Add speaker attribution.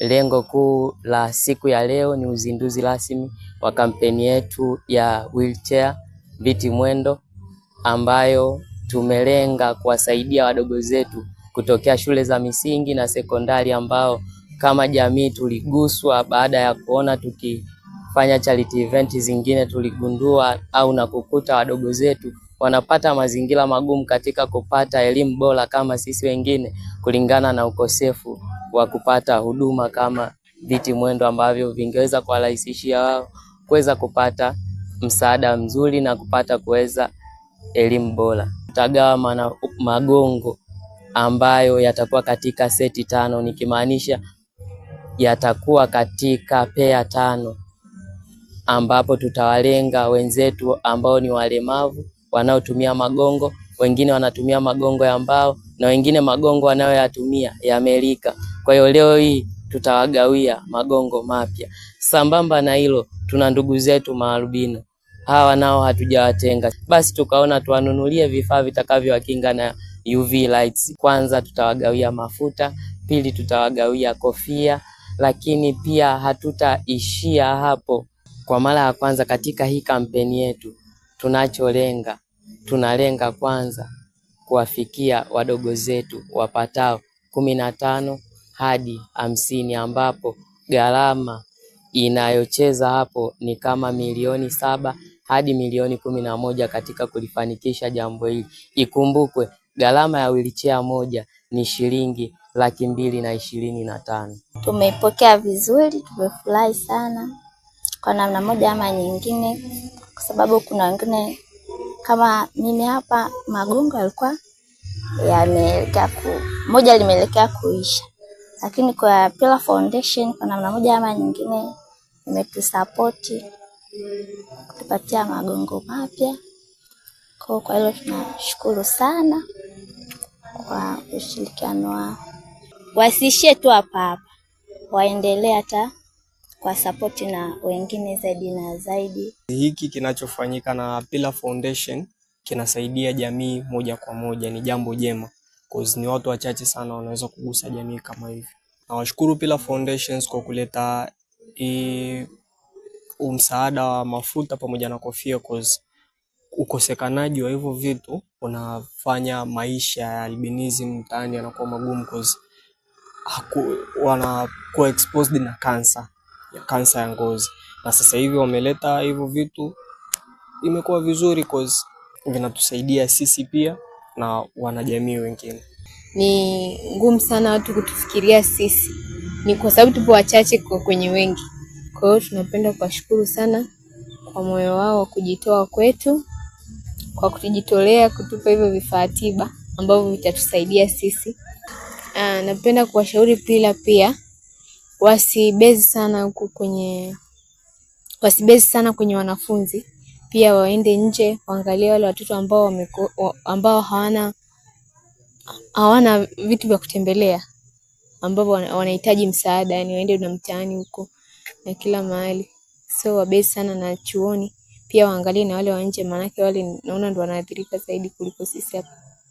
Speaker 1: Lengo kuu la siku ya leo ni uzinduzi rasmi wa kampeni yetu ya wheelchair viti mwendo ambayo tumelenga kuwasaidia wadogo zetu kutokea shule za misingi na sekondari ambao kama jamii tuliguswa baada ya kuona tukifanya charity event zingine, tuligundua au na kukuta wadogo zetu wanapata mazingira magumu katika kupata elimu bora kama sisi wengine kulingana na ukosefu wa kupata huduma kama viti mwendo ambavyo vingeweza kuwarahisishia wao kuweza kupata msaada mzuri na kupata kuweza elimu bora. Tutagawa magongo ambayo yatakuwa katika seti tano, nikimaanisha yatakuwa katika pea tano, ambapo tutawalenga wenzetu ambao ni walemavu wanaotumia magongo, wengine wanatumia magongo ya mbao na wengine magongo wanayoyatumia yamelika. Kwa hiyo leo hii tutawagawia magongo mapya. Sambamba na hilo, tuna ndugu zetu maalbino hawa nao hatujawatenga, basi tukaona tuwanunulie vifaa vitakavyowakinga na UV lights. Kwanza tutawagawia mafuta, pili tutawagawia kofia, lakini pia hatutaishia hapo. Kwa mara ya kwanza katika hii kampeni yetu, tunacholenga tunalenga kwanza kuwafikia wadogo zetu wapatao kumi na tano hadi hamsini ambapo gharama inayocheza hapo ni kama milioni saba hadi milioni kumi na moja katika kulifanikisha jambo hili. Ikumbukwe gharama ya wilichea moja ni shilingi laki mbili na ishirini na tano.
Speaker 2: Tumeipokea vizuri, tumefurahi sana kwa namna moja ama nyingine, kwa sababu kuna wengine kama mimi hapa, magongo yalikuwa yameelekea ku moja limeelekea kuisha lakini kwa Pillar Foundation kwa namna moja ama nyingine imetusapoti kutupatia magongo mapya. Kwa kwa hilo tunashukuru sana kwa ushirikiano wao. Wasiishie tu hapa hapa, waendelee hata kwa sapoti na wengine zaidi na zaidi.
Speaker 3: Hiki kinachofanyika na Pillar Foundation kinasaidia jamii moja kwa moja, ni jambo jema cause ni watu wachache sana wanaweza kugusa jamii kama hivi. Nawashukuru pila Foundations kwa kuleta hii msaada wa mafuta pamoja na kofia cause ukosekanaji wa hivyo vitu unafanya maisha ya albinism mtaani yanakuwa magumu cause wanakuwa exposed na kansa ya kansa ya ngozi, na sasa hivi wameleta hivyo vitu, imekuwa vizuri cause vinatusaidia sisi pia na wanajamii wengine.
Speaker 4: Ni ngumu sana watu kutufikiria sisi, ni kwa sababu tupo wachache kwa kwenye wengi. Kwa hiyo tunapenda kuwashukuru sana kwa moyo wao wa kujitoa kwetu, kwa kutujitolea kutupa hivyo vifaa tiba ambavyo vitatusaidia sisi. Aa, ah, napenda kuwashauri pila pia wasibezi sana huku kwenye wasibezi sana kwenye wanafunzi pia waende nje waangalie wale watoto ambao ambao hawana hawana vitu vya kutembelea ambao wanahitaji msaada, yani waende na mtaani huko na kila mahali, so wabesi sana na chuoni. Pia waangalie na wale wa nje, maanake wale naona ndo wanaathirika zaidi kuliko sisi hapa.